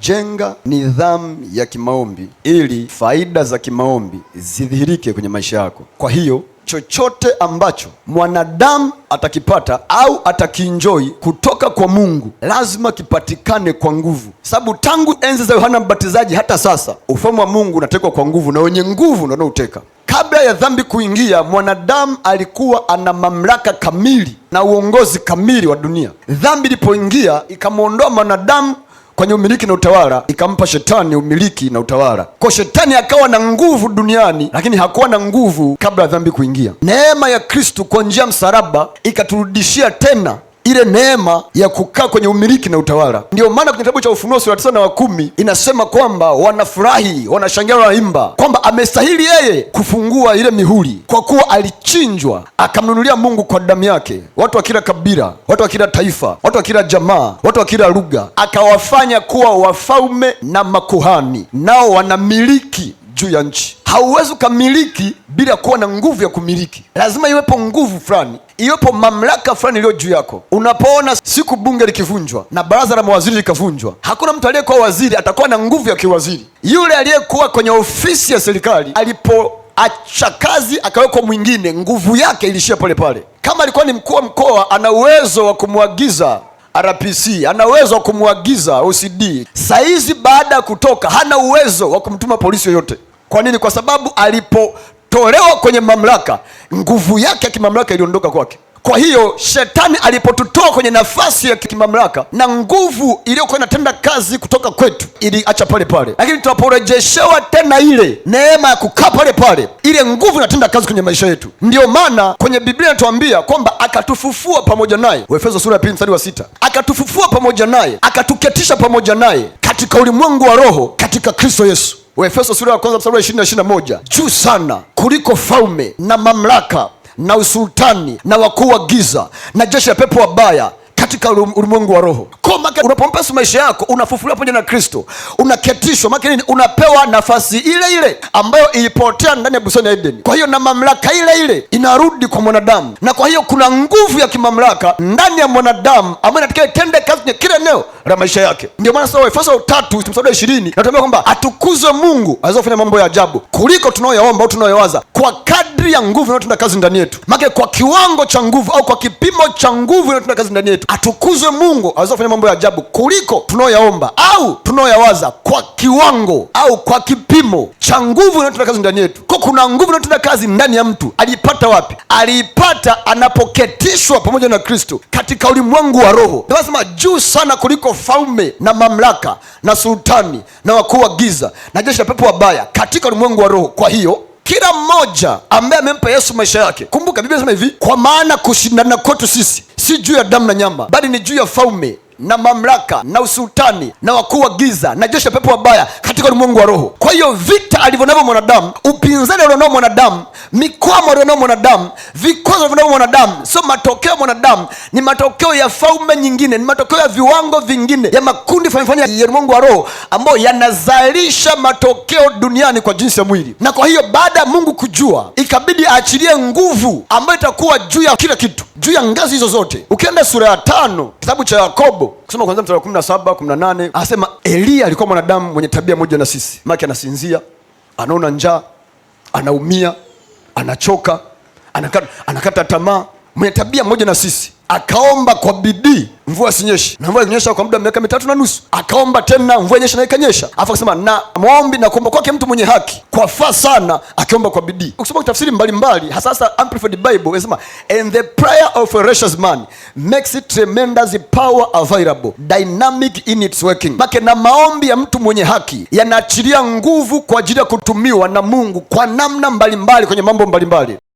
Jenga nidhamu ya kimaombi ili faida za kimaombi zidhihirike kwenye maisha yako. Kwa hiyo chochote ambacho mwanadamu atakipata au atakinjoi kutoka kwa Mungu lazima kipatikane kwa nguvu, sababu tangu enzi za Yohana Mbatizaji hata sasa ufalme wa Mungu unatekwa kwa nguvu, na wenye nguvu ndio wanaoteka. Kabla ya dhambi kuingia, mwanadamu alikuwa ana mamlaka kamili na uongozi kamili wa dunia. Dhambi ilipoingia, ikamwondoa mwanadamu kwenye umiliki na utawala, ikampa shetani umiliki na utawala. Kwa shetani akawa na nguvu duniani, lakini hakuwa na nguvu kabla ya dhambi kuingia. Neema ya Kristu kwa njia msalaba ikaturudishia tena ile neema ya kukaa kwenye umiliki na utawala. Ndiyo maana kwenye kitabu cha Ufunuo sura tisa na wakumi kumi inasema kwamba wanafurahi, wanashangilia, wanaimba kwamba amestahili yeye kufungua ile mihuri, kwa kuwa alichinjwa, akamnunulia Mungu kwa damu yake watu wa kila kabila, watu wa kila taifa, watu wa kila jamaa, watu wa kila lugha, akawafanya kuwa wafalme na makuhani, nao wanamiliki juu ya nchi. Hauwezi ukamiliki bila kuwa na nguvu ya kumiliki. Lazima iwepo nguvu fulani, iwepo mamlaka fulani iliyo juu yako. Unapoona siku bunge likivunjwa na baraza la mawaziri likavunjwa, hakuna mtu aliyekuwa waziri atakuwa na nguvu ya kiwaziri. Yule aliyekuwa kwenye ofisi ya serikali acha kazi akawekwa mwingine, nguvu yake ilishia pole pale. Kama alikuwa ni mkuu wa mkoa, ana uwezo wa kumwagiza RPC ana uwezo wa kumwagiza OCD. Saizi baada ya kutoka, hana uwezo wa kumtuma polisi yoyote. Kwa nini? Kwa sababu alipo tolewa kwenye mamlaka, nguvu yake ya kimamlaka iliondoka kwake. Kwa hiyo shetani alipotutoa kwenye nafasi ya kimamlaka na nguvu iliyokuwa inatenda kazi kutoka kwetu iliacha pale pale, lakini tunaporejeshewa tena ile neema ya kukaa pale pale, ile nguvu inatenda kazi kwenye maisha yetu. Ndiyo maana kwenye Biblia inatuambia kwamba akatufufua pamoja naye, Waefeso sura ya pili mstari wa sita, akatufufua pamoja naye akatuketisha pamoja naye katika ulimwengu wa roho katika Kristo Yesu. Waefeso sura ya kwanza mstari wa na 21, juu sana kuliko falme na mamlaka na usultani na wakuu wa giza na jeshi la pepo wabaya katika ulimwengu wa roho. Unapompa Yesu maisha yako, unafufuliwa pamoja na Kristo, unaketishwa make Unapewa nafasi ile ile ambayo ilipotea ndani ya bustani ya Edeni. Kwa hiyo na mamlaka ile ile inarudi kwa mwanadamu, na kwa hiyo kuna nguvu ya kimamlaka ndani ya mwanadamu ambayo inatakiwa itende kazi kwenye kila eneo la maisha yake. Ndio maana sasa Waefeso tatu mstari wa ishirini natuambia kwamba atukuzwe Mungu kufanya mambo ya ajabu kuliko tunayoyaomba au tunayowaza kwa kadri ya nguvu inayotenda kazi ndani yetu, make kwa kiwango cha nguvu au kwa kipimo cha nguvu inayotenda kazi ndani yetu, atukuzwe Mungu aweze kufanya mambo ya ajabu kuliko tunaoyaomba au tunaoyawaza, kwa kiwango au kwa kipimo cha nguvu inayotenda kazi ndani yetu. Kwa kuna nguvu inayotenda kazi ndani ya mtu. Aliipata wapi? Aliipata anapoketishwa pamoja na Kristo katika ulimwengu wa roho. Nasema juu sana kuliko falme na mamlaka na sultani na wakuu wa giza na jeshi la pepo wabaya katika ulimwengu wa roho. Kwa hiyo kila mmoja ambaye amempa Yesu maisha yake. Kumbuka Biblia inasema hivi, kwa maana kushindana kwetu sisi si juu ya damu na nyama, bali ni juu ya falme na mamlaka na usultani na wakuu wa giza na jeshi la pepo wabaya katika ulimwengu wa roho. Kwa hiyo vita alivyonavyo mwanadamu, upinzani alionao mwanadamu, mikwamo alionao mwanadamu, vikwazo alivyonavyo mwanadamu, sio matokeo ya mwanadamu, ni matokeo ya faume nyingine, ni matokeo ya viwango vingine, ya makundi fanifani ya ulimwengu wa roho ambayo yanazalisha matokeo duniani kwa jinsi ya mwili. Na kwa hiyo baada ya Mungu kujua, ikabidi aachilie nguvu ambayo itakuwa juu ya kila kitu, juu ya ngazi hizo zote. Ukienda sura ya tano kitabu cha Yakobo kusoma kwanzia mstari wa kumi na saba kumi na nane anasema Eliya alikuwa mwanadamu mwenye tabia moja na sisi, make anasinzia, anaona njaa, anaumia, anachoka, anakata, anakata tamaa, mwenye tabia moja na sisi akaomba kwa bidii mvua sinyeshi na mvua ilinyesha kwa muda wa miaka mitatu na nusu. Akaomba tena mvua inyesha na ikanyesha. Alafu akasema na maombi na kuomba kwake mtu mwenye haki kwa faa sana, akiomba kwa bidii. Ukisoma tafsiri mbalimbali, hasa hasa Amplified Bible inasema and the prayer of a righteous man makes it tremendous power available dynamic in its working make, na maombi ya mtu mwenye haki yanaachilia nguvu kwa ajili ya kutumiwa na Mungu kwa namna mbalimbali mbali, kwenye mambo mbalimbali mbali.